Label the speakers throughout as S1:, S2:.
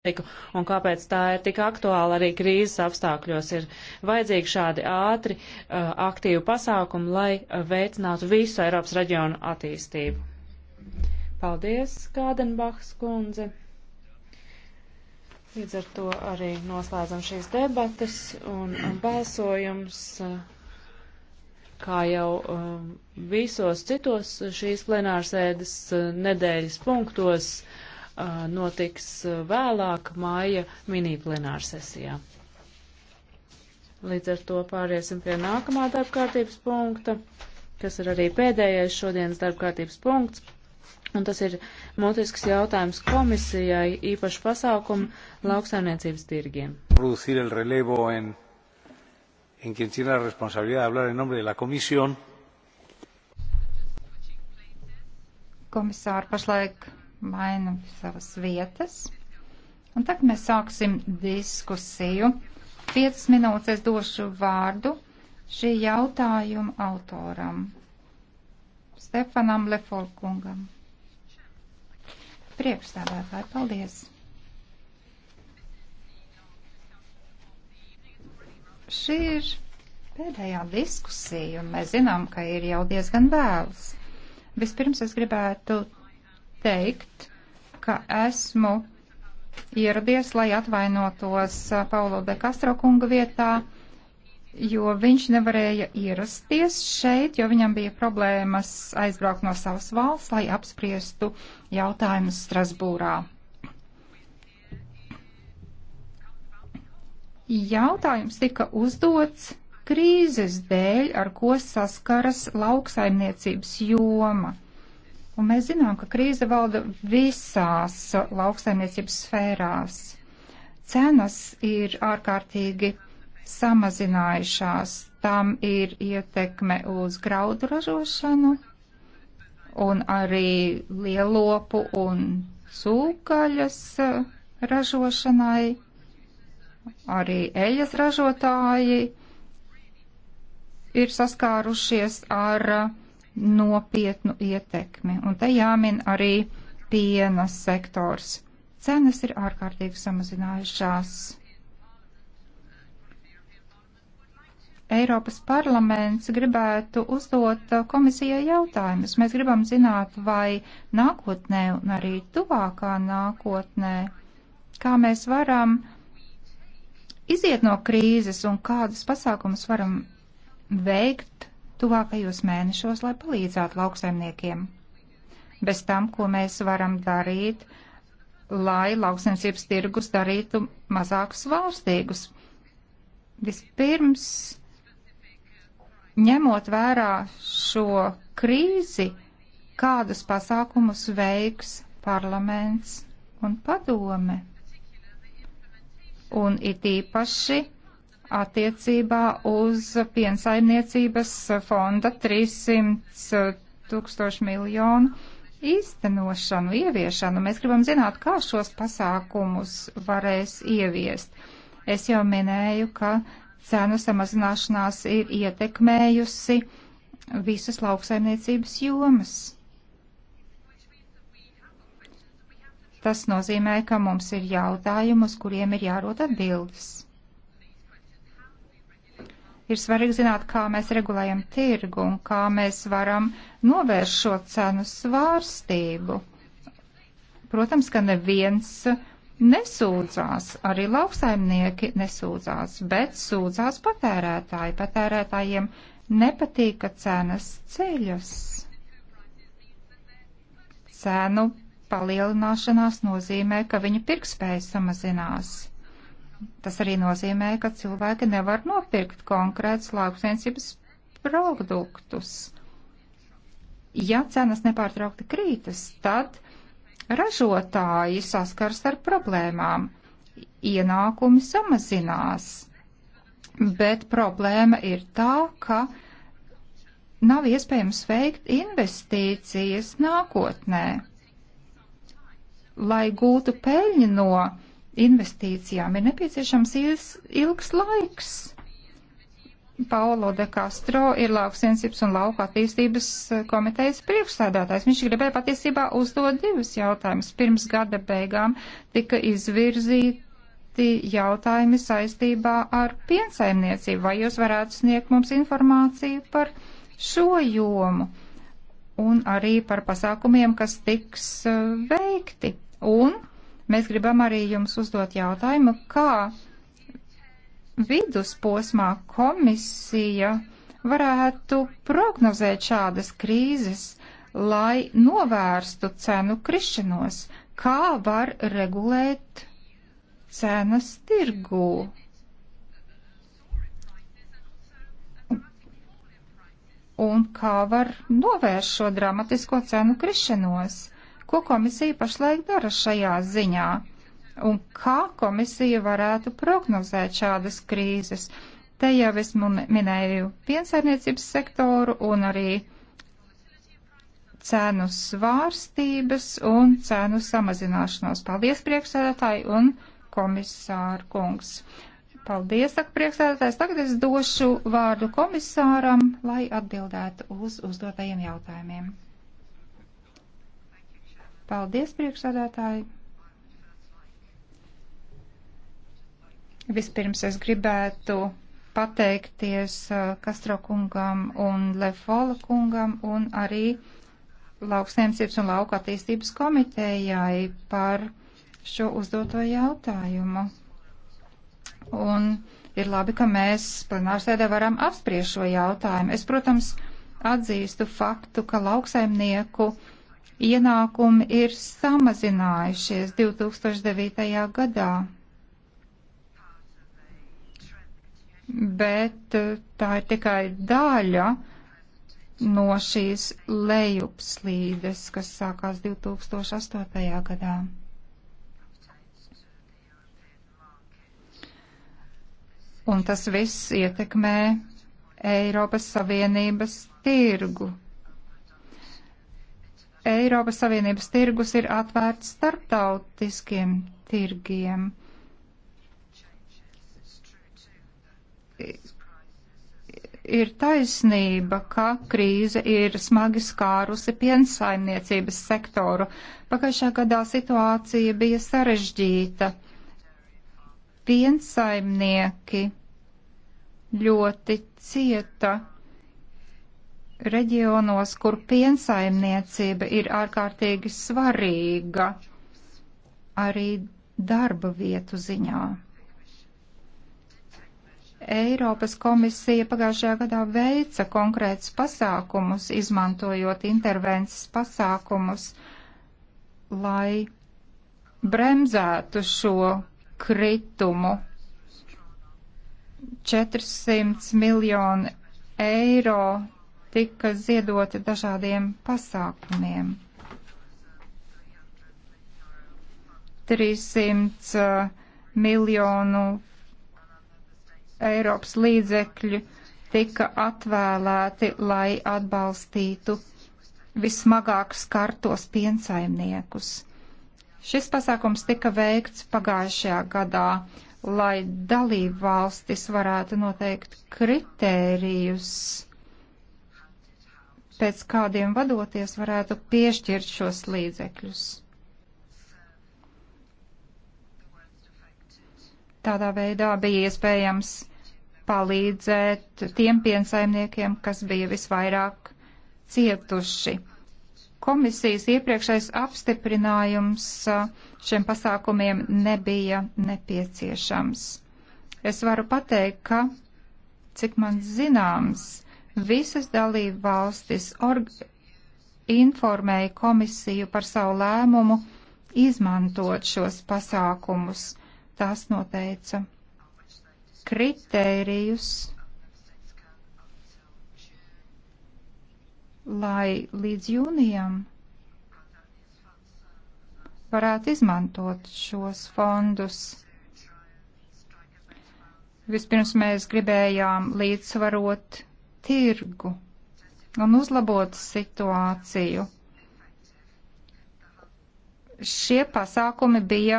S1: politiku un kāpēc tā ir tik aktuāla arī krīzes apstākļos. Ir vajadzīgi šādi ātri, uh, aktīvi pasākumi, lai uh, veicinātu visu Eiropas reģionu attīstību. Paldies, Kādenbachs kundze. Līdz ar to arī noslēdzam šīs debatas un balsojums, uh, kā jau um, visos citos šīs plenārsēdes uh, nedēļas punktos notiks vēlāk māja mini plenāra sesijā. Līdz ar to pāriesim pie nākamā darbkārtības punkta, kas ir arī pēdējais šodienas darbkārtības punkts. Un tas ir motisks jautājums komisijai īpašu pasaukumu lauksaimniecības tirgiem. En, en quien tiene la responsabilidad de hablar en nombre de la Comisión.
S2: Komisāri pašlaik maina savas vietas. Un tagad mēs sāksim diskusiju. 5 minūtes došu vārdu šī jautājuma autoram, Stefanam Lefolkungam. Priekšstādātāji, paldies! Šī ir pēdējā diskusija, un mēs zinām, ka ir jau diezgan vēls. Vispirms es gribētu teikt, ka esmu ieradies, lai atvainotos Paulo de Castro kunga vietā, jo viņš nevarēja ierasties šeit, jo viņam bija problēmas aizbraukt no savas valsts, lai apspriestu jautājumus Strasbūrā. Jautājums tika uzdots krīzes dēļ, ar ko saskaras lauksaimniecības joma. Un mēs zinām, ka krīze valda visās lauksaimniecības sfērās. Cenas ir ārkārtīgi samazinājušās. Tam ir ietekme uz graudu ražošanu un arī lielopu un cūkaļas eh, ražošanai. Arī eļas ražotāji ir saskārušies ar uh, nopietnu ietekmi. Un te jāmin arī piena sektors. Cenas ir ārkārtīgi samazinājušās. Eiropas parlaments gribētu uzdot komisijai jautājumus. Mēs gribam zināt, vai nākotnē un arī tuvākā nākotnē, kā mēs varam iziet no krīzes un kādus pasākumus varam veikt, tuvākajos mēnešos, lai palīdzētu lauksaimniekiem. Bez tam, ko mēs varam darīt, lai lauksaimniecības tirgus darītu mazāk svārstīgus. Vispirms, ņemot vērā šo krīzi, kādus pasākumus veiks parlaments un padome. Un it īpaši attiecībā uz piensaimniecības fonda 300 eh, tūkstošu miljonu īstenošanu, ieviešanu. Mēs gribam zināt, kā šos pasākumus varēs ieviest. Es jau minēju, ka cenu samazināšanās ir ietekmējusi visas lauksaimniecības jomas. Tas nozīmē, ka mums ir jautājumi, uz kuriem ir jārod atbildes. Ir svarīgi zināt, kā mēs regulējam tirgu un kā mēs varam novērst šo cenu svārstību. Protams, ka neviens nesūdzās, arī lauksaimnieki nesūdzās, bet sūdzās patērētāji. Patērētājiem nepatīk, ka cenas ceļas. Cēnu palielināšanās nozīmē, ka viņa pirkspēja samazinās. Tas arī nozīmē, ka cilvēki nevar nopirkt konkrētus lauksainsības produktus. Ja cenas nepārtraukti krītas, tad ražotāji saskars ar problēmām. Ienākumi samazinās, bet problēma ir tā, ka nav iespējams veikt investīcijas nākotnē. Lai gūtu peļņu no investīcijām ir nepieciešams ilgs, ilgs laiks. Paulo de Castro ir lauksiensības un lauka attīstības eh, komitejas priekšsēdētājs. Viņš gribēja patiesībā uzdot divus jautājumus. Pirms gada beigām tika izvirzīti jautājumi saistībā ar piensaimniecību. Vai jūs varētu sniegt mums informāciju par šo jomu un arī par pasākumiem, kas tiks eh, veikti? Un Mēs gribam arī jums uzdot jautājumu, kā vidusposmā komisija varētu prognozēt šādas krīzes, lai novērstu cenu krišanos, kā var regulēt cenas tirgū. Un kā var novērst šo dramatisko cenu krišanos? Ko komisija pašlaik dara šajā ziņā? Un kā komisija varētu prognozēt šādas krīzes? Te jau es minēju piensaimniecības sektoru un arī cēnu svārstības un cēnu samazināšanos. Paldies, priekšsēdētāji un komisāra kungs. Paldies, saka priekšsēdētājs. Tagad es došu vārdu komisāram, lai atbildētu uz uzdotajiem jautājumiem. Paldies, priekšsādātāji! Vispirms es gribētu pateikties Kastro uh, kungam un Lefola kungam un arī lauksniemcības un lauka attīstības komitējai par šo uzdoto jautājumu. Un ir labi, ka mēs plenārsēdē varam apspriest šo jautājumu. Es, protams, atzīstu faktu, ka lauksaimnieku uh, ienākumi ir samazinājušies 2009. gadā. Bet eh, tā ir tikai daļa no šīs lejupslīdes, kas sākās 2008. gadā. Un tas viss ietekmē Eiropas Savienības tirgu Eiropas Savienības tirgus ir atvērts starptautiskiem tirgiem. Ir taisnība, ka krīze ir smagi skārusi piensaimniecības sektoru. Pagājušā gadā situācija bija sarežģīta. Piensaimnieki ļoti cieta reģionos, kur piensaimniecība ir ārkārtīgi svarīga arī darba vietu ziņā. Eiropas komisija pagājušajā gadā veica konkrētus pasākumus, izmantojot intervences pasākumus, lai bremzētu šo kritumu. 400 miljonu eiro tika ziedoti dažādiem pasākumiem. 300 uh, miljonu Eiropas līdzekļu tika atvēlēti, lai atbalstītu vismagāk skartos piensaimniekus. Šis pasākums tika veikts pagājušajā gadā, lai dalību valstis varētu noteikt kritērijus pēc kādiem vadoties varētu piešķirt šos līdzekļus. Tādā veidā bija iespējams palīdzēt tiem piensaimniekiem, kas bija visvairāk cietuši. Komisijas iepriekšējais apstiprinājums šiem pasākumiem nebija nepieciešams. Es varu pateikt, ka, cik man zināms, Visas dalību valstis informēja komisiju par savu lēmumu izmantot šos pasākumus. Tās noteica kritērijus, lai līdz jūnijam varētu izmantot šos fondus. Vispirms mēs gribējām līdzsvarot tirgu un uzlabot situāciju. Šie pasākumi bija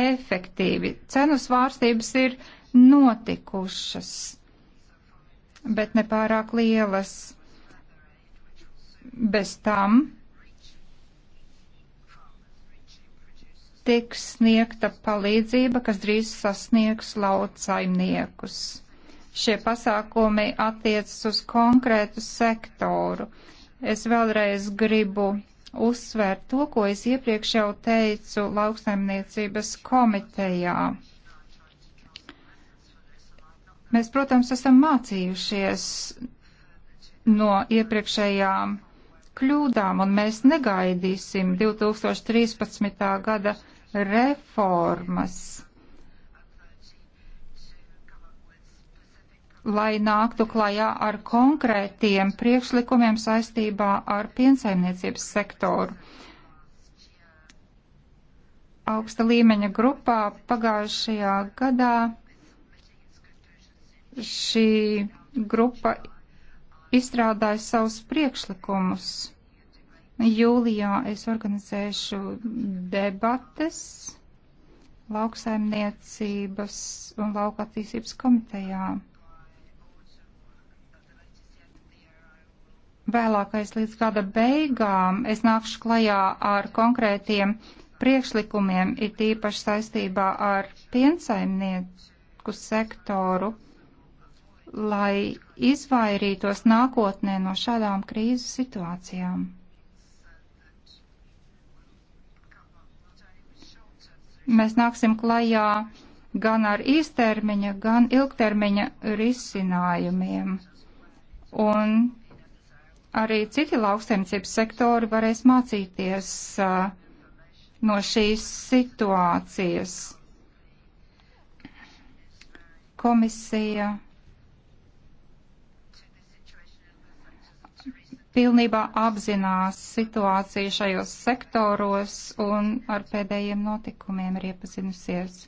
S2: efektīvi. Cenu svārstības ir notikušas, bet nepārāk lielas. Bez tam tiks sniegta palīdzība, kas drīz sasniegs lauksaimniekus šie pasākumi attiecas uz konkrētu sektoru. Es vēlreiz gribu uzsvērt to, ko es iepriekš jau teicu lauksaimniecības komitejā. Mēs, protams, esam mācījušies no iepriekšējām kļūdām, un mēs negaidīsim 2013. gada reformas. lai nāktu klajā ar konkrētiem priekšlikumiem saistībā ar piensaimniecības sektoru. Augsta līmeņa grupā pagājušajā gadā šī grupa izstrādāja savus priekšlikumus. Jūlijā es organizēšu debates lauksaimniecības un lauka attīstības komitejām. Vēlākais līdz gada beigām es nākšu klajā ar konkrētiem priekšlikumiem, it īpaši saistībā ar piensaimnieku sektoru, lai izvairītos nākotnē no šādām krīzes situācijām. Mēs nāksim klajā gan ar īstermiņa, gan ilgtermiņa risinājumiem. Un arī citi lauksaimniecības sektori varēs mācīties uh, no šīs situācijas. Komisija pilnībā apzinās situāciju šajos sektoros un ar pēdējiem notikumiem ir iepazinusies.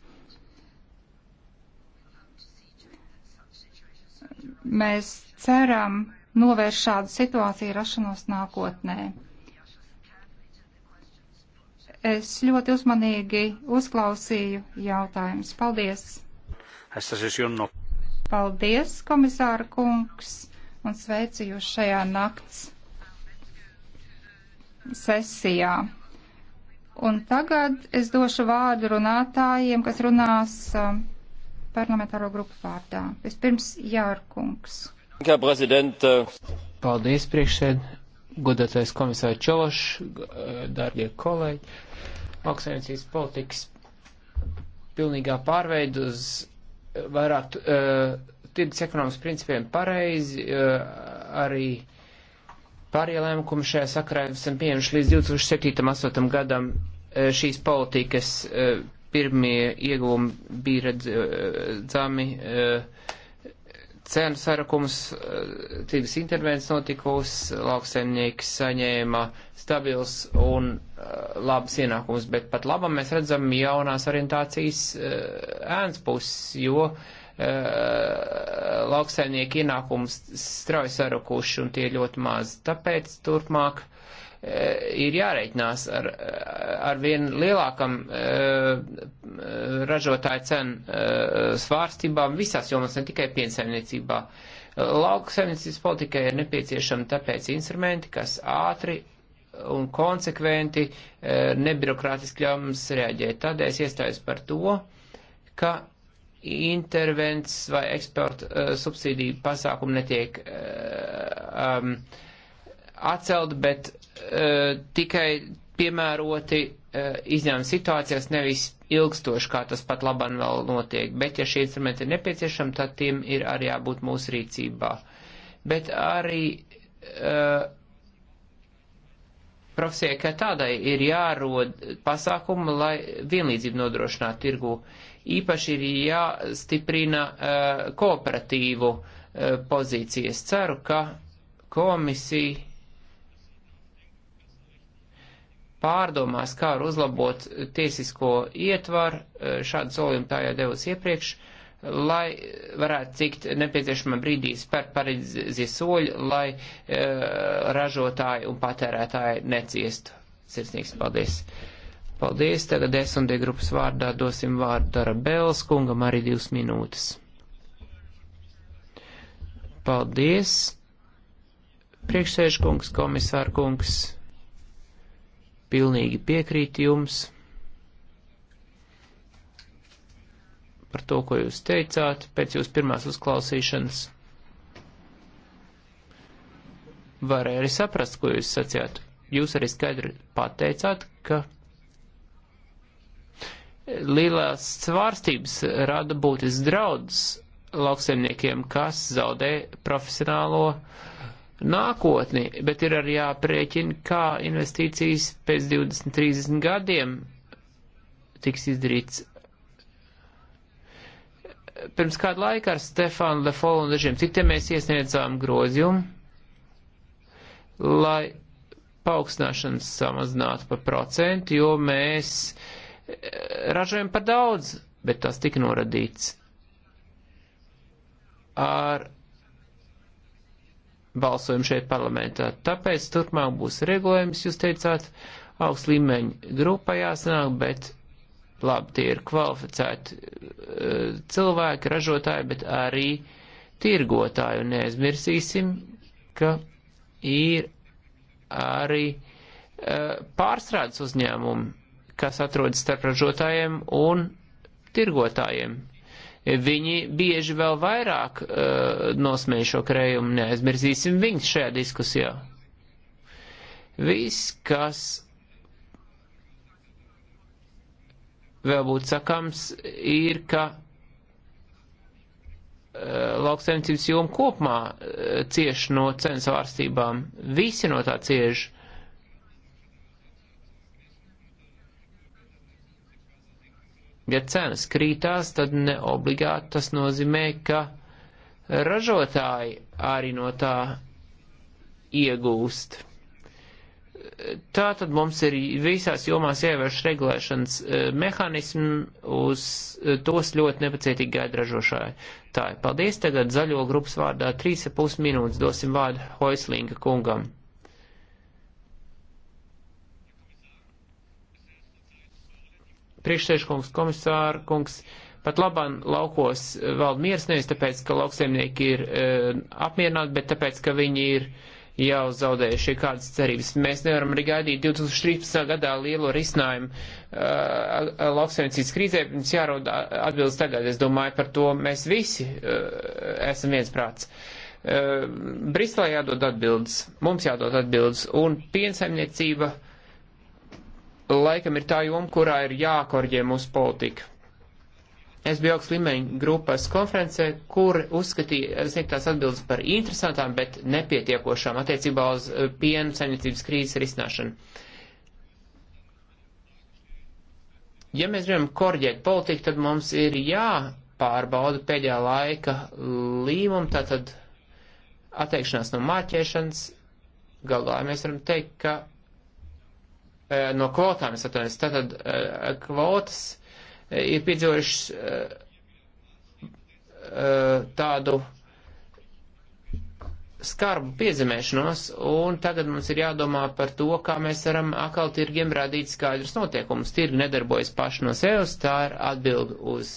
S2: Mēs ceram, novērst šādu situāciju rašanos nākotnē. Es ļoti uzmanīgi uzklausīju jautājumus. Paldies! Paldies, komisāra kungs, un sveicu jūs šajā nakts sesijā. Un tagad es došu vārdu runātājiem, kas runās um, parlamentāro grupu vārdā. Vispirms Jārkungs.
S3: Paldies, priekšsēd, godātais komisāri Čološs, dārgie kolēģi. Augstsainicijas politikas pilnīgā pārveidu uz eh, vairāk uh, tirgus ekonomas principiem pareizi, uh, arī pārējie lēmumi šajā sakarā esam pieņemši līdz 2007.8. gadam uh, šīs politikas uh, pirmie ieguvumi bija redzami. Uh, cenu sarakums, eh, tīvas intervences notikusi, lauksaimnieki saņēma stabils un uh, labs ienākums, bet pat labam mēs redzam jaunās orientācijas uh, eh, ēns puses, jo uh, lauksaimnieki ienākums strauji sarakuši un tie ļoti maz. Tāpēc turpmāk ir jāreikinās ar, ar vien lielākam uh, ražotāju cenu eh, svārstībām visās jomās, ne tikai piensaimniecībā. Lauksaimniecības politikai ir nepieciešami tāpēc instrumenti, kas ātri un konsekventi, eh, nebirokrātiski ļauj mums reaģēt. Tādēļ es iestājos par to, ka intervences vai eksporta eh, subsīdiju pasākumi netiek um, atcelt, bet uh, tikai piemēroti Eh, izņēmuma situācijās, nevis ilgstoši, kā tas pat labam vēl notiek. Bet, ja šie instrumenti ir nepieciešami, tad tiem ir arī jābūt mūsu rīcībā. Bet arī uh, profesijai kā tādai ir jārod pasākumu, lai vienlīdzību nodrošinātu tirgu. Īpaši ir jāstiprina uh, kooperatīvu uh, pozīcijas. Ceru, ka komisija pārdomās, kā var uzlabot tiesisko ietvaru, e, šādu solījumu tā jau devus iepriekš, lai varētu cikt nepieciešamā brīdī spērt pareizie soļi, lai e, ražotāji un patērētāji neciestu. Sirsnīgs paldies! Paldies! Tagad S&D grupas vārdā dosim vārdu Dara Bēls kungam arī divas minūtes. Paldies! Priekšsēžkungs, komisārkungs. kungs pilnīgi piekrīt jums par to, ko jūs teicāt pēc jūsu pirmās uzklausīšanas. Varēja arī saprast, ko jūs sacījāt. Jūs arī skaidri pateicāt, ka lielās svārstības rada būtis draudz lauksaimniekiem, kas zaudē profesionālo uh, nākotni, bet ir arī jāprēķina, kā investīcijas pēc 20, 30 gadiem tiks izdarīts. Pirms kādu laiku ar Stefanu Lefolu un dažiem citiem mēs iesniedzām grozījumu, lai paaugstināšanas samazinātu pa procentu, jo mēs eh, ražojam par daudz, bet tas tika noradīts. Ar balsojumu šeit parlamentā. Tāpēc turpmāk būs regulējums, jūs teicāt, augsts līmeņu grupā jāsanāk, bet labi, tie ir kvalificēti eh, cilvēki, ražotāji, bet arī tirgotāji. Un neaizmirsīsim, ka ir arī eh, pārstrādes uzņēmumi, kas atrodas starp ražotājiem un tirgotājiem. Viņi bieži vēl vairāk uh, e, nosmēja šo krējumu, neaizmirsīsim viņus šajā diskusijā. Viss, kas vēl būtu sakams, ir, ka e, lauksaimniecības joma kopumā e, cieš no cenu svārstībām. Visi no tā cieš. Ja cenas krītās, tad ne obligāti tas nozīmē, ka ražotāji arī no tā iegūst. Tā tad mums ir visās jomās ievērš regulēšanas e, mehānismi, uz e, tos ļoti nepacietīgi gaida ražošāji. Tā, paldies tagad zaļo grupas vārdā 3,5 minūtes dosim vārdu Hoislinga kungam. priekšsēžkungs, komisāra kungs. Pat labam laukos eh, valda miers nevis tāpēc, ka lauksaimnieki ir e, apmierināti, bet tāpēc, ka viņi ir jau zaudējuši kādas cerības. Mēs nevaram arī gaidīt 2013. gadā lielo risinājumu e, lauksaimniecības krīzē, mums jārod atbildes tagad. Es domāju, par to mēs visi e, esam viensprāts. E, Briselē jādod atbildes, mums jādod atbildes, un piensaimniecība. E, laikam ir tā joma, kurā ir jākorģē mūsu politika. Es biju augsts līmeņa grupas konferencē, kur uzskatīja eh, sniegtās atbildes par interesantām, bet nepietiekošām attiecībā uz eh, piena saimniecības krīzes risināšanu. Ja mēs gribam korģēt politiku, tad mums ir jāpārbauda pēdējā laika līmuma, tātad atteikšanās no mārķēšanas. Galā mēs varam teikt, ka Eh, no kvotām, es atvainojos. Tātad eh, kvotas eh, ir piedzīvojušas tādu skarbu piezemēšanos, un tagad mums ir jādomā par to, kā mēs varam atkal tirgiem rādīt skaidrus notiekumus. Tirgi nedarbojas paši no sevis, tā ir atbilde uz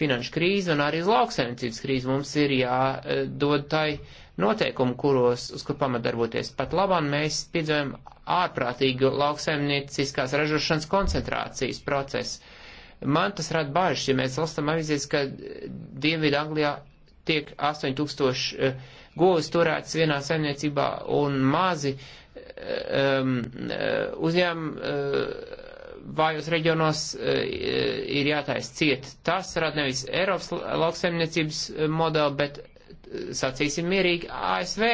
S3: finanšu krīzi un arī uz lauksainicības krīzi. Mums ir jādod tai noteikumi, kuros, uz kur pamatdarboties. Pat labāk mēs piedzīvojam ārprātīgu lauksaimnieciskās ražošanas koncentrācijas procesu. Man tas rada bažas, ja mēs lastam avīzēs, ka Dienvidu Anglijā tiek 8000 uh, eh, govis turēts vienā saimniecībā un mazi eh, um, eh, uzņēmumi uh, vājos reģionos uh, ir jātais ciet. Tas rada nevis Eiropas lauksaimniecības modeli, bet sacīsim mierīgi ASV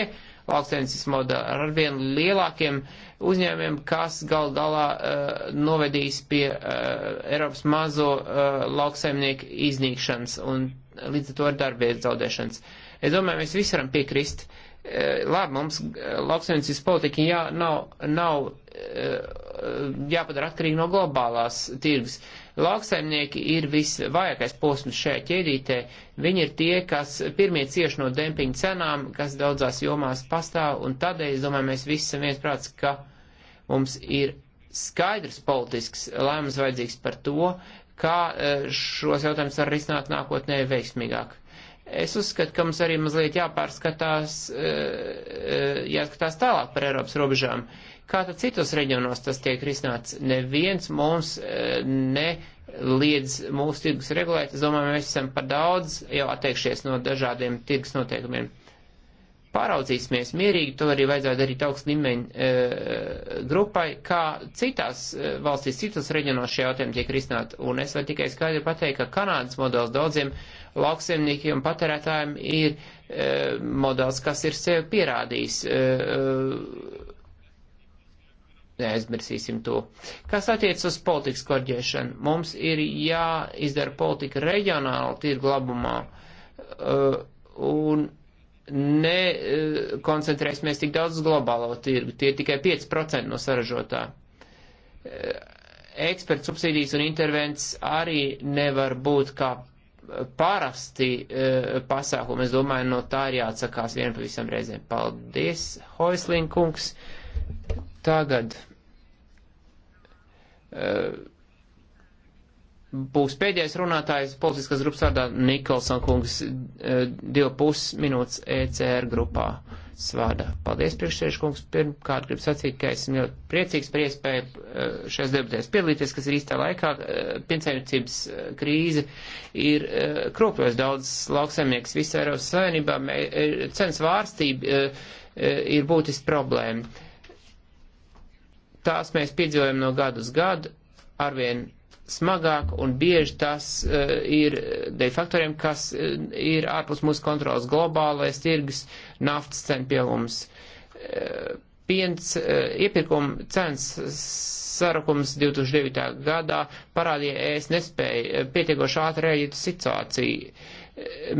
S3: lauksaimniecības modeļu, ar arvien lielākiem uzņēmiem, kas gal galā uh, novedīs pie uh, Eiropas mazo uh, lauksaimnieku iznīkšanas un līdz ar to ar darbvietu zaudēšanas. Es domāju, mēs visi varam piekrist. Uh, labi, mums uh, lauksaimniecības politika jā, nav, nav uh, jāpadara atkarīgi no globālās tirgus. Uh, Lauksaimnieki ir visvājākais posms šajā ķēdītē. Viņi ir tie, kas pirmie cieši no dempinga cenām, kas daudzās jomās pastāv, un tādēļ, es domāju, mēs visi esam viensprāts, ka mums ir skaidrs politisks lēmums vajadzīgs par to, kā eh, šos jautājumus var risināt nākotnē veiksmīgāk. Es uzskatu, ka mums arī mazliet jāpārskatās, eh, eh, jāskatās tālāk par Eiropas robežām. Kā tad citos reģionos tas tiek risināts? Neviens mums e, neliedz mūsu tirgus regulēt. Es domāju, mēs esam par daudz jau atteikšies no dažādiem tirgus noteikumiem. Pāraudzīsimies mierīgi, to arī vajadzētu darīt augst līmeņa e, grupai, kā citās e, valstīs, citos reģionos šie jautājumi tiek risināt. Un es varu tikai skaidri pateikt, ka Kanādas modelis daudziem lauksemniekiem un patērētājiem ir e, modelis, kas ir sev pierādījis. E, e, neaizmirsīsim to. Kas attiec uz politikas korģēšanu, mums ir jāizdara politika reģionāla tirgu labumā uh, un nekoncentrēsimies uh, tik daudz uz globālo tirgu. Tie ir tikai 5% no saražotā. Uh, eksperts subsīdijas un intervences arī nevar būt kā parasti pasākumi. Es domāju, no tā ir jāatsakās vien pavisam reizēm. Paldies, Hoislinkungs. Tagad. Eh, būs pēdējais runātājs politiskās grupas vārdā Nikolson kungs, eh, divu pus minūtes ECR grupā svārdā. Paldies, priekšsēžu kungs. Pirmkārt, gribu sacīt, ka esmu ļoti priecīgs par iespēju eh, šajās debatēs piedalīties, kas ir īstā laikā. Piensaimniecības krīze ir kropļojusi daudz lauksaimnieks visā Eiropas Savienībā. Cenas vārstība ir būtiski problēma tās mēs piedzīvojam no gadu uz gadu arvien smagāk un bieži tas uh, ir dēļ faktoriem, kas uh, ir ārpus mūsu kontrolas globālais tirgus, naftas cenu pieaugums, uh, eh, piens, uh, iepirkuma cenas sarakums 2009. gadā parādīja, es nespēju pietiekoši ātri rēģēt situāciju. Uh,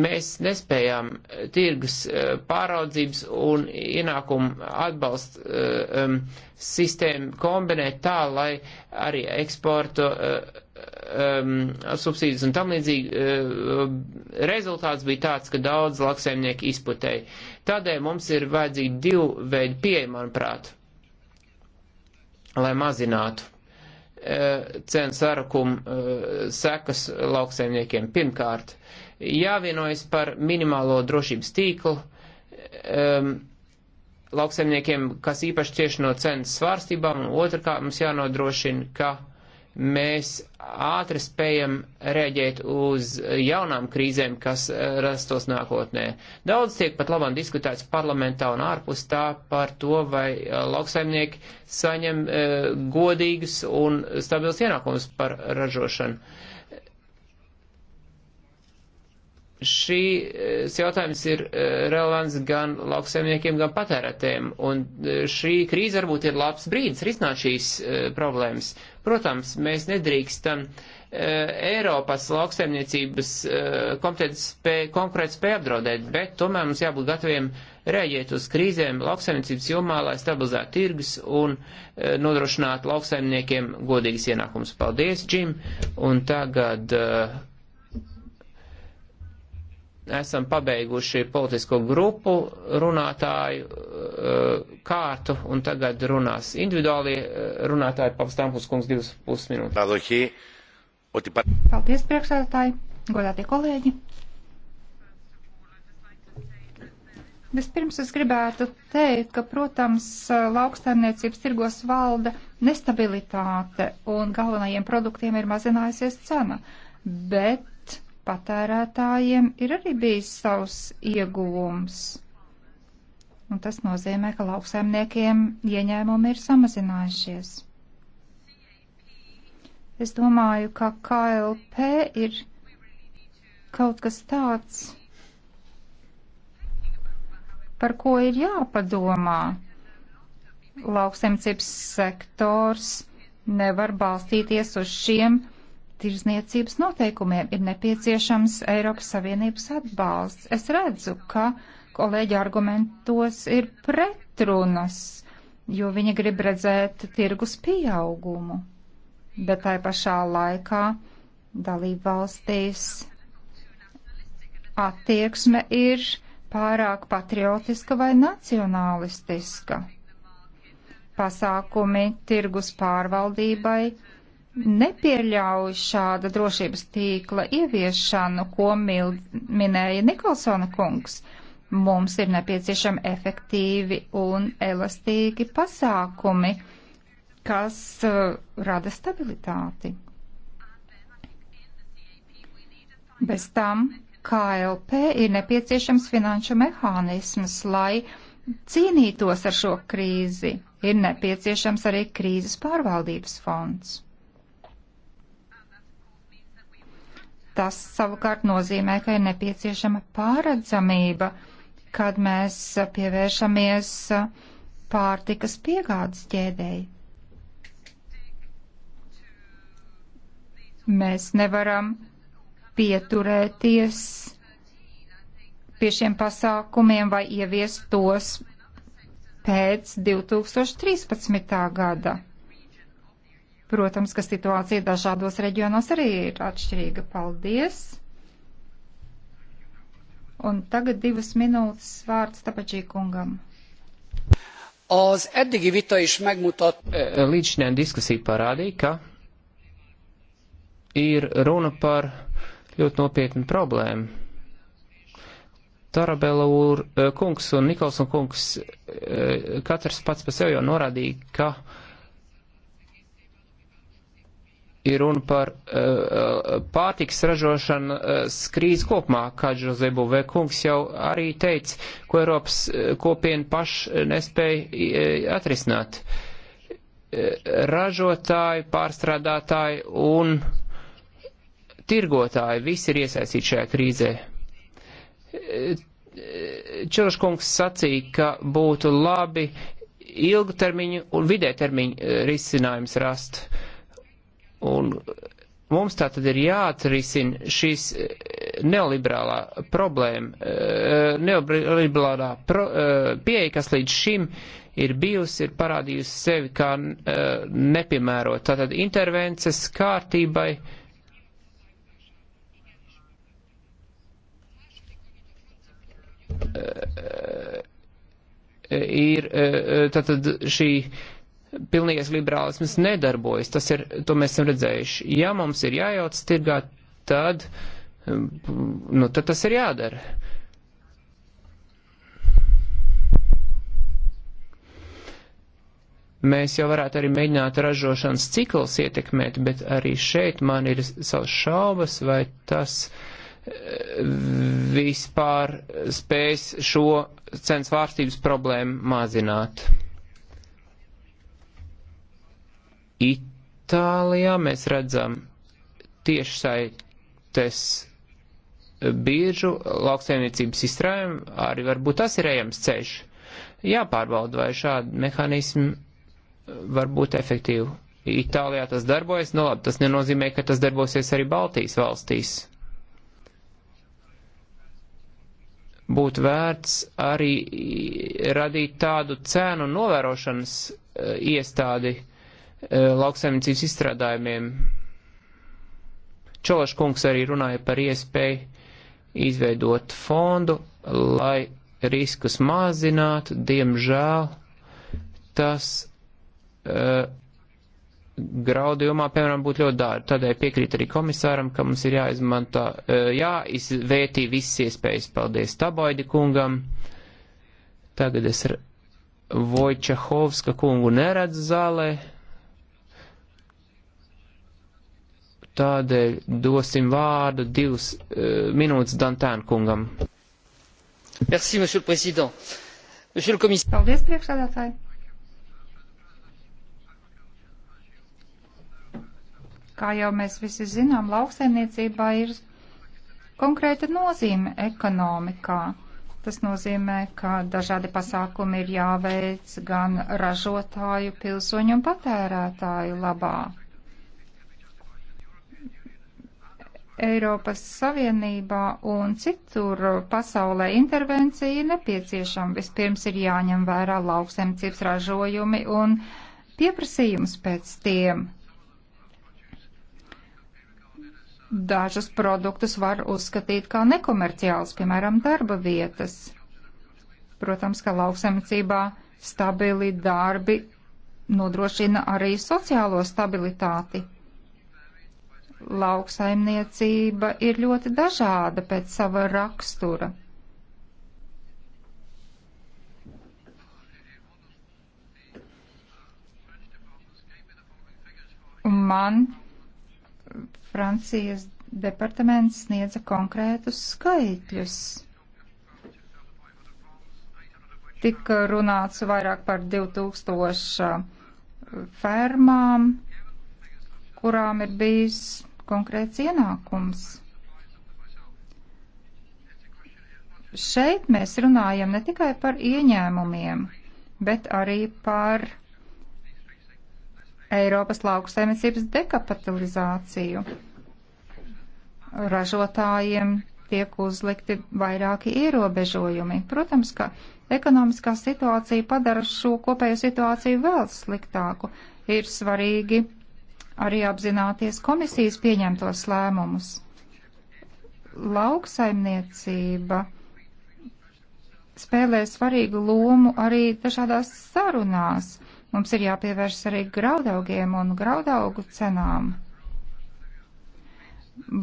S3: mēs nespējām tirgus eh, pāraudzības un ienākumu atbalstu um, eh, sistēmu kombinēt tā, lai arī eksporta um, eh, subsīdijas un tam līdzīgi um, rezultāts bija tāds, ka daudz lauksaimnieku izputēja. Tādēļ mums ir vajadzīgi divi veidi pieeja, manuprāt, lai mazinātu uh, cenu sarakumu uh, sekas lauksaimniekiem. Pirmkārt, uh, jāvienojas par minimālo drošības tīklu um, lauksaimniekiem, kas īpaši cieši no cenas svārstībām, un otrkārt mums jānodrošina, ka mēs ātri spējam rēģēt uz jaunām krīzēm, kas uh, rastos nākotnē. Daudz tiek pat labam diskutēts parlamentā un ārpus tā par to, vai uh, lauksaimnieki saņem e, godīgus un stabilus ienākumus par ražošanu. E, šīs jautājums ir eh, relevants gan lauksaimniekiem, gan patērētēm, un eh, šī krīze varbūt ir labs brīdis risināt šīs eh, problēmas. Protams, mēs nedrīkstam Eiropas lauksaimniecības spē, konkurēt spēju apdraudēt, bet tomēr mums jābūt gataviem rēģēt uz krīzēm lauksaimniecības jomā, lai stabilizētu tirgus un nodrošinātu lauksaimniekiem godīgas ienākumus. Paldies, Džim! Un tagad esam pabeiguši politisko grupu runātāju eh, kārtu, un tagad runās individuāli eh, runātāji papstāmpus kungs divas pus minūtes.
S2: Paldies, priekšsēdētāji, godātie kolēģi. Vispirms es gribētu teikt, ka, protams, lauksaimniecības tirgos valda nestabilitāte un galvenajiem produktiem ir mazinājusies cena, bet patērētājiem ir arī bijis savs ieguvums. Un tas nozīmē, ka lauksaimniekiem ieņēmumi ir samazinājušies. Es domāju, ka KLP ir kaut kas tāds, par ko ir jāpadomā. Lauksaimniecības sektors nevar balstīties uz šiem tirzniecības noteikumiem ir nepieciešams Eiropas Savienības atbalsts. Es redzu, ka kolēģi argumentos ir pretrunas, jo viņi grib redzēt tirgus pieaugumu. Bet tai pašā laikā dalību valstīs attieksme ir pārāk patriotiska vai nacionālistiska. Pasākumi tirgus pārvaldībai nepieļauj šāda drošības tīkla ieviešanu, ko mil, minēja Nikolsona kungs. Mums ir nepieciešami efektīvi un elastīgi pasākumi, kas uh, rada stabilitāti. Bez tam KLP ir nepieciešams finanšu mehānisms, lai cīnītos ar šo krīzi. Ir nepieciešams arī krīzes pārvaldības fonds. Tas savukārt nozīmē, ka ir nepieciešama pāredzamība, kad mēs pievēršamies pārtikas piegādes ķēdēji. Mēs nevaram pieturēties pie šiem pasākumiem vai ieviest tos pēc 2013. gada. Protams, ka situācija dažādos reģionos arī ir atšķirīga. Paldies! Un tagad divas minūtes vārds Tapačī kungam. Az eddigi vita is megmutat. E,
S3: e, līdz šodien diskusija parādīja, ka ir runa par ļoti nopietnu problēmu. Tarabela e, kungs un Nikolson kungs katrs pats par sevi jau norādīja, ka uh, ir runa par uh, pārtiks ražošanu uh, eh, krīzi kopumā, kā Džozē Buvē kungs jau arī teica, ko Eiropas uh, kopiena paši nespēja uh, atrisināt. Uh, ražotāji, pārstrādātāji un tirgotāji visi ir iesaistīti šajā krīzē. Uh, Čeloškungs sacīja, ka būtu labi ilgtermiņu un vidētermiņu risinājums rast Un mums tā tad ir jāatrisina šīs eh, neoliberālā problēma, eh, neoliberālā pro, eh, pieeja, kas līdz šim ir bijusi, ir parādījusi sevi kā nepiemērot. Tātad intervences kārtībai. Ir tātad šī pilnīgais liberālisms nedarbojas. Tas ir, to mēs esam redzējuši. Ja mums ir jājauc tirgā, tad, um, nu, tad tas ir jādara. Mēs jau varētu arī mēģināt ražošanas ciklus ietekmēt, bet arī šeit man ir savas šaubas, vai tas eh, vispār spēs šo cenu svārstības problēmu mazināt. Itālijā mēs redzam tiešsaites biežu lauksaimniecības izstrājumu, arī varbūt tas ir ejams ceļš. Jāpārbauda, vai šādi mehānismi var būt efektīvi. Itālijā tas darbojas, nu labi, tas nenozīmē, ka tas darbosies arī Baltijas valstīs. Būtu vērts arī radīt tādu cēnu novērošanas e, iestādi, E, lauksaimniecības izstrādājumiem. Čološ kungs arī runāja par iespēju izveidot fondu, lai riskus mazinātu. Diemžēl tas uh, e, graudījumā, piemēram, būtu ļoti dārgi. Tādēļ piekrīt arī komisāram, ka mums ir jāizmantā, uh, e, jāizvērtī visas iespējas. Paldies Tabaidi kungam. Tagad es Vojčehovska kungu neredzu zālē. Tādēļ dosim vārdu divas uh, minūtes Dantēna kungam.
S2: Merci, monsieur le président. Monsieur le commissaire. Paldies, priekšsādātāji. Kā jau mēs visi zinām, lauksaimniecībā ir konkrēta nozīme ekonomikā. Tas nozīmē, ka dažādi pasākumi ir jāveic gan ražotāju, pilsoņu un patērētāju labā. Eiropas Savienībā un citur pasaulē intervencija ir nepieciešama. Vispirms ir jāņem vērā lauksemcības ražojumi un pieprasījums pēc tiem. Dažus produktus var uzskatīt kā nekomerciāls, piemēram, darba vietas. Protams, ka lauksemcībā stabili darbi nodrošina arī sociālo stabilitāti lauksaimniecība ir ļoti dažāda pēc sava rakstura. Un man Francijas departaments sniedza konkrētus skaitļus. Tika runāts vairāk par 2000 fermām, kurām ir bijis konkrēts ienākums. Šeit mēs runājam ne tikai par ieņēmumiem, bet arī par Eiropas lauksaimniecības dekapitalizāciju. Ražotājiem tiek uzlikti vairāki ierobežojumi. Protams, ka ekonomiskā situācija padara šo kopējo situāciju vēl sliktāku. Ir svarīgi arī apzināties komisijas pieņemtos lēmumus. Lauksaimniecība spēlē svarīgu lomu arī dažādās sarunās. Mums ir jāpievēršas arī graudaugiem un graudaugu cenām.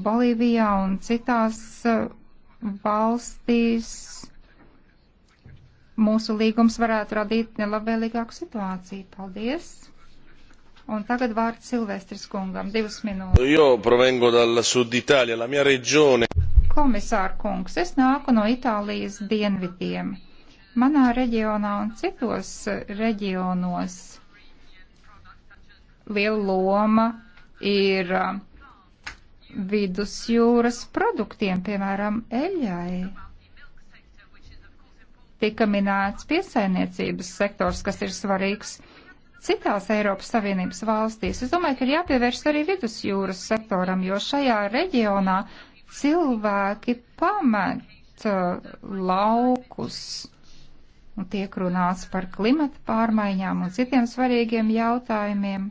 S2: Bolīvijā un citās uh, valstīs mūsu līgums varētu radīt nelabvēlīgāku situāciju. Paldies! Un tagad vārds Silvestris kungam, divas minūtes. Jo provengo dalla sud Itālija, la mia reģione. Komisār kungs, es nāku no Itālijas dienvidiem. Manā reģionā un citos reģionos liela loma ir um, vidusjūras produktiem, piemēram, eļai. Tika minēts piesainiecības sektors, kas ir svarīgs citās Eiropas Savienības valstīs. Es domāju, ka ir jāpievērš arī vidusjūras sektoram, jo šajā reģionā cilvēki pamet uh, laukus un tiek runāts par klimata pārmaiņām un citiem svarīgiem jautājumiem.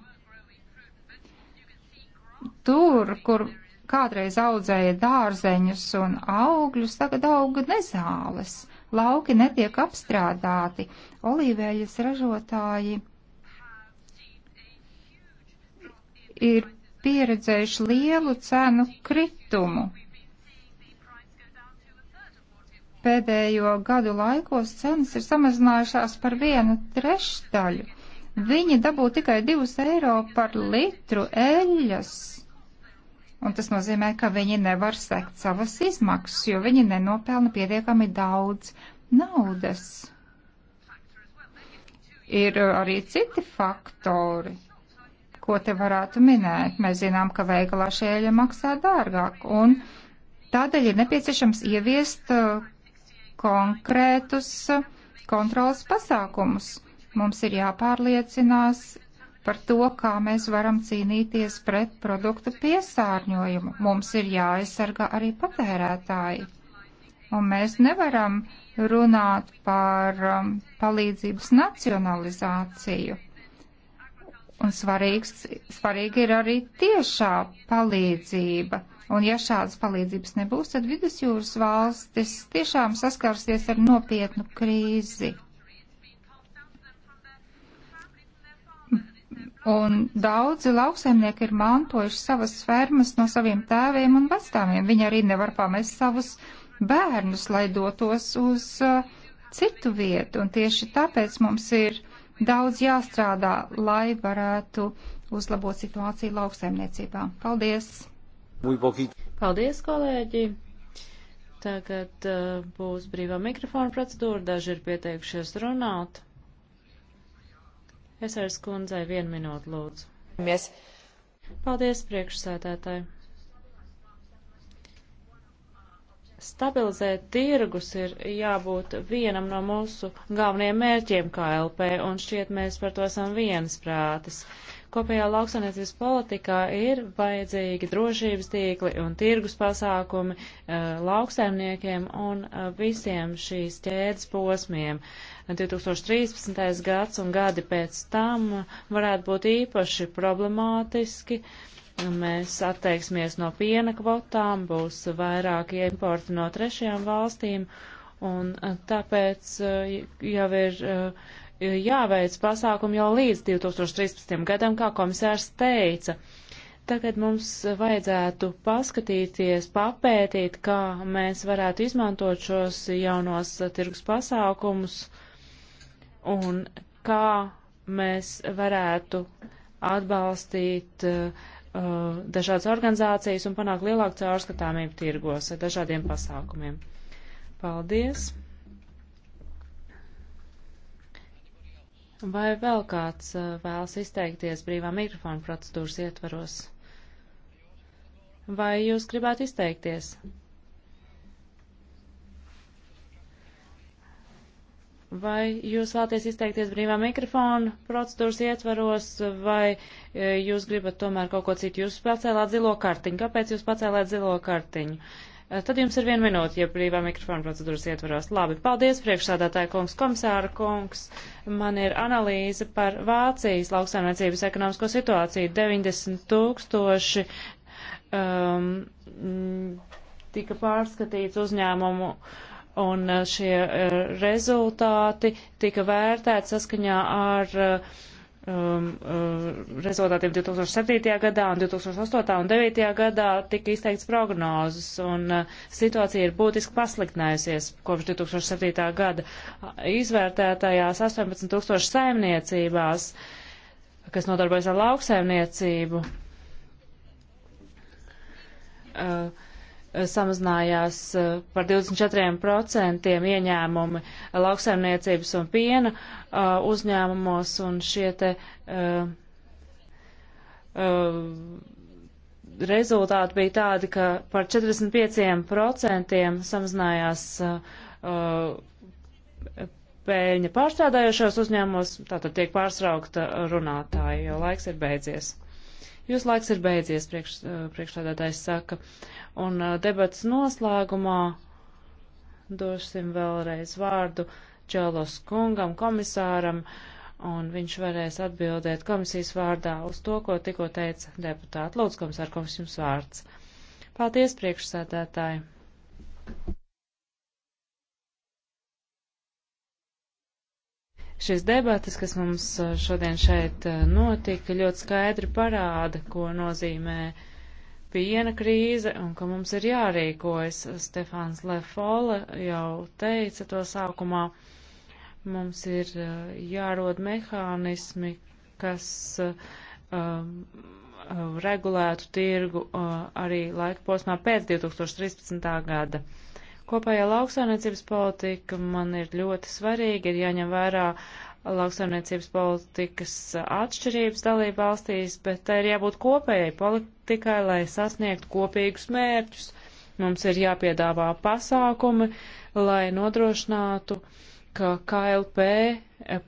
S2: Tur, kur kādreiz audzēja dārzeņus un augļus, tagad auga nezāles, lauki netiek apstrādāti, olīvēļas ražotāji ir pieredzējuši lielu cenu kritumu. Pēdējo gadu laikos cenas ir samazinājušās par vienu trešdaļu. Viņi dabū tikai 2 eiro par litru eļas. Un tas nozīmē, ka viņi nevar sekt savas izmaksas, jo viņi nenopelna pietiekami daudz naudas. Ir arī citi faktori ko te varētu minēt. Mēs zinām, ka veikalā šie eļļa maksā dārgāk, un tādēļ ir nepieciešams ieviest uh, konkrētus uh, kontrolas pasākumus. Mums ir jāpārliecinās par to, kā mēs varam cīnīties pret produktu piesārņojumu. Mums ir jāaizsargā arī patērētāji. Un mēs nevaram runāt par um, palīdzības nacionalizāciju. Un svarīgs, svarīgi ir arī tiešā palīdzība. Un ja šādas palīdzības nebūs, tad vidusjūras valstis tiešām saskarsies ar nopietnu krīzi. Un daudzi lauksaimnieki ir mantojuši savas fermas no saviem tēviem un vectāviem. Viņi arī nevar pamest savus bērnus, lai dotos uz uh, citu vietu. Un tieši tāpēc mums ir daudz jāstrādā, lai varētu uzlabot situāciju lauksaimniecībā. Paldies! Paldies, kolēģi!
S1: Tagad uh, būs brīvā mikrofona procedūra, daži ir pieteikušies runāt. Es ar skundzei vienu minūtu lūdzu. Mies. Paldies, priekšsēdētāji! Stabilizēt tirgus ir jābūt vienam no mūsu galvenajiem mērķiem kā LP, un šķiet mēs par to esam viensprātis. Kopējā lauksaniecības politikā ir vajadzīgi drošības tīkli un tirgus pasākumi eh, lauksaimniekiem un eh, visiem šīs ķēdes posmiem. 2013. gads un gadi pēc tam varētu būt īpaši problemātiski. Uh, Mēs atteiksimies no piena kvotām, būs vairāk importi no trešajām valstīm, un eh, tāpēc eh, jau ir eh, jāveic pasākumi jau līdz 2013. gadam, kā komisārs teica. Tagad mums vajadzētu paskatīties, papētīt, kā mēs varētu izmantot šos jaunos tirgus pasākumus un kā mēs varētu atbalstīt uh, Uh, dažādas organizācijas un panākt lielāku caurskatāmību tirgos ar dažādiem pasākumiem. Paldies! Vai vēl kāds uh, vēlas izteikties brīvā mikrofona procedūras ietvaros? Vai jūs gribētu izteikties? Vai jūs vēlaties izteikties brīvā mikrofona procedūras ietvaros, vai e, jūs gribat tomēr kaut ko citu? Jūs pacēlāt zilo kartiņu. Kāpēc jūs pacēlāt zilo kartiņu? E, tad jums ir viena minūte, ja brīvā mikrofona procedūras ietvaros. Labi, paldies, priekšsādātāja kungs, komisāra kungs. Man ir analīze par Vācijas lauksaimniecības ekonomisko situāciju. 90 tūkstoši um, tika pārskatīts uzņēmumu. Uh, un eh, šie eh, rezultāti tika vērtēti saskaņā ar eh, um, rezultātiem 2007. gadā un 2008. un 2009. gadā tika izteikts prognozes, un situācija ir būtiski pasliktinājusies kopš 2007. gada. Izvērtētajās 18 tūkstoši saimniecībās, kas nodarbojas ar lauksaimniecību, uh, Eh, samazinājās eh, par 24% ieņēmumi lauksaimniecības un piena eh, uzņēmumos, un šie te uh, uh, rezultāti bija tādi, ka par 45% samazinājās uh, pēļņa pārstrādājošos uzņēmumos, tātad tiek pārsraukta runātāja, jo laiks ir beidzies. Jūs laiks ir beidzies, priekš, eh, priekšstādātājs saka. Un eh, debats noslēgumā dosim vēlreiz vārdu Čelos kungam, komisāram, un viņš varēs atbildēt komisijas vārdā uz to, ko tikko teica deputāti. Lūdzu, komisār, kungs, jums vārds. Paldies, priekšsēdētāji! Šīs debatas, kas mums eh, šodien šeit eh, notika, ļoti skaidri parāda, ko nozīmē piena krīze un ka mums ir jārīkojas. Stefāns Lefole jau teica to sākumā. Mums ir eh, jārod mehānismi, kas um, regulētu tirgu uh, arī laika posmā pēc 2013. gada. Kopējā lauksaimniecības politika man ir ļoti svarīga, ir jāņem vērā lauksaimniecības politikas atšķirības dalība valstīs, bet tā ir jābūt kopējai politikai, lai sasniegtu kopīgus mērķus. Mums ir jāpiedāvā pasākumi, lai nodrošinātu uh, ka KLP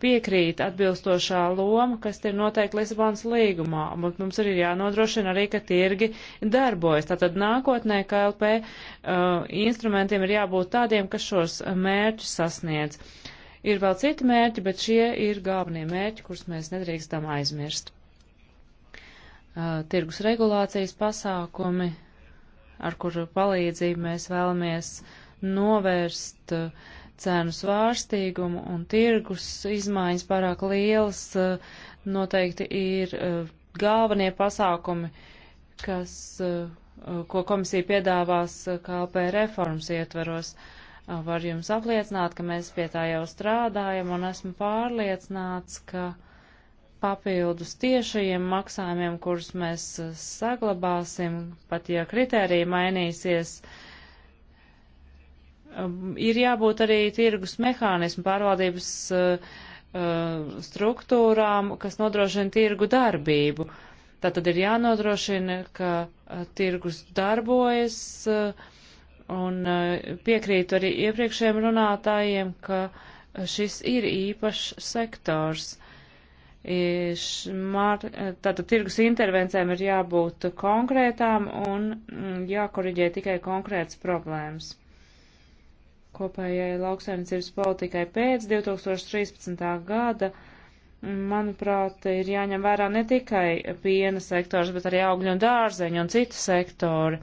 S1: piekrīt atbilstošā loma, kas ir noteikti Lisabonas līgumā, un mums arī ir jānodrošina arī, ka tirgi darbojas. Tātad nākotnē KLP uh, instrumentiem ir jābūt tādiem, kas šos mērķus sasniedz. Ir vēl citi mērķi, bet šie ir galvenie mērķi, kurus mēs nedrīkstam aizmirst. Uh, tirgus regulācijas pasākumi, ar kuru palīdzību mēs vēlamies novērst uh, cenu svārstīgumu un tirgus izmaiņas pārāk lielas eh, noteikti ir eh, galvenie pasākumi, kas, eh, ko komisija piedāvās KLP reformas ietvaros. Var jums apliecināt, ka mēs pie tā jau strādājam un esmu pārliecināts, ka papildus tiešajiem maksājumiem, kurus mēs saglabāsim, pat ja kritērija mainīsies, uh, Um, ir jābūt arī tirgus mehānismu pārvaldības uh, uh, struktūrām, kas nodrošina tirgu darbību. Tātad ir jānodrošina, ka uh, tirgus darbojas uh, un uh, piekrītu arī iepriekšējiem runātājiem, ka uh, šis ir īpašs sektors. Šmār, tātad tirgus intervencēm ir jābūt konkrētām un mm, jākoriģē tikai konkrētas problēmas kopējai lauksaimniecības politikai pēc 2013. gada, manuprāt, ir jāņem vērā ne tikai piena sektors, bet arī augļu un dārzeņu un citu sektori.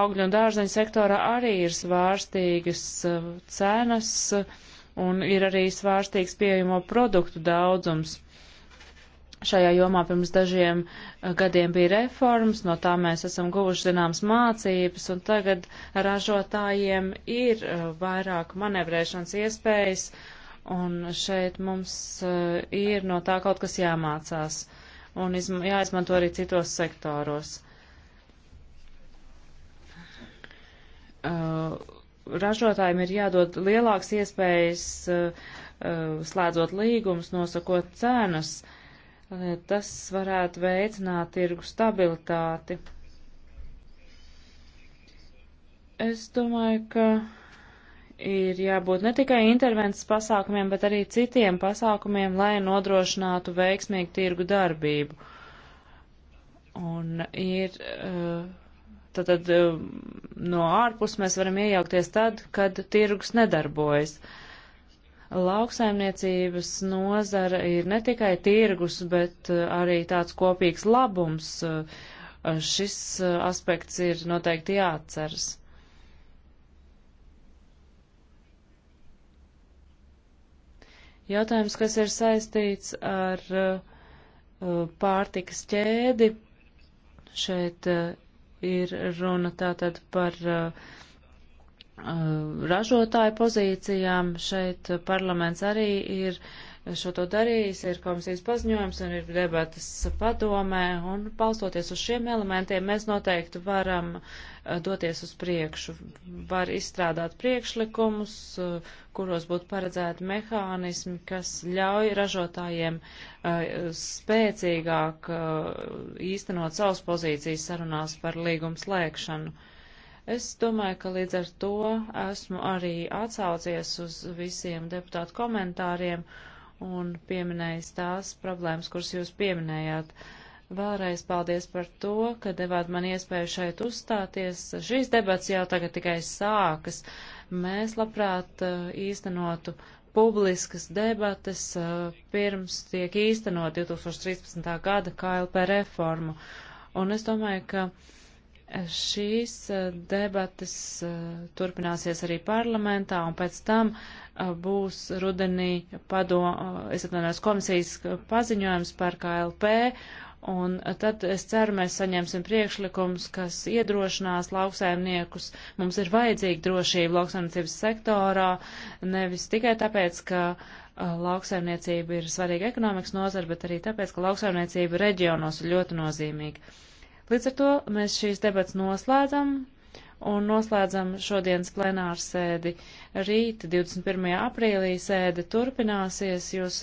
S1: Augļu un dārzeņu sektorā arī ir svārstīgas uh, cenas un ir arī svārstīgs pieejamo produktu daudzums. Šajā jomā pirms dažiem eh, gadiem bija reformas, no tā mēs esam guvuši zināmas mācības, un tagad ražotājiem ir eh, vairāk manevrēšanas iespējas, un šeit mums eh, ir no tā kaut kas jāmācās, un izm jāizmanto arī citos sektoros. ražotājiem ir jādod lielāks iespējas slēdzot līgumus, nosakot cenas. Uh, Tas varētu veicināt tirgu stabilitāti. Es domāju, ka ir jābūt ne tikai intervences pasākumiem, bet arī citiem pasākumiem, lai nodrošinātu veiksmīgu tirgu darbību. Un ir, eh, tad, tad eh, no ārpus mēs varam iejaukties tad, kad tirgus nedarbojas. Uh, lauksaimniecības nozara ir ne tikai tirgus, bet uh, arī tāds kopīgs labums. Uh, šis uh, aspekts ir noteikti jāatceras. Jautājums, kas ir saistīts ar pārtikas ķēdi, šeit ir runa tātad par uh, Uh, ražotāju pozīcijām. Šeit parlaments arī ir šo to darījis, ir komisijas paziņojums un ir debatas padomē, un palstoties uz šiem elementiem, mēs noteikti varam uh, doties uz priekšu. Var izstrādāt priekšlikumus, uh, kuros būtu paredzēti mehānismi, kas ļauj ražotājiem spēcīgāk īstenot savas pozīcijas sarunās par līgumu slēgšanu Es domāju, ka līdz ar to esmu arī atsaucies uz visiem deputātu komentāriem un pieminējis tās problēmas, kuras jūs pieminējāt. Vēlreiz paldies par to, ka devāt man iespēju šeit uzstāties. Šīs debats jau tagad tikai sākas. Mēs labprāt uh, īstenotu publiskas debates uh, pirms tiek īstenot 2013. gada KLP reformu. Un es domāju, ka Šīs eh, debatas eh, turpināsies arī parlamentā, un pēc tam eh, būs rudenī padom, es atvainojos komisijas paziņojums par KLP, un tad es ceru, mēs saņemsim priekšlikums, kas iedrošinās lauksaimniekus. Mums ir vajadzīga drošība lauksaimniecības sektorā, nevis tikai tāpēc, ka lauksaimniecība ir svarīga ekonomikas nozara, bet arī tāpēc, ka lauksaimniecība reģionos ir ļoti nozīmīga. Līdz ar to mēs šīs debats noslēdzam un noslēdzam šodienas plenāru sēdi. Rīt, 21. aprīlī, sēde turpināsies. Jūs